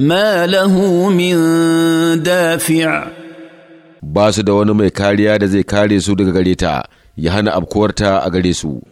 ما له من دافع ba su da wani mai kariya da zai kare su daga gare ta ya hana abkuwarta a gare su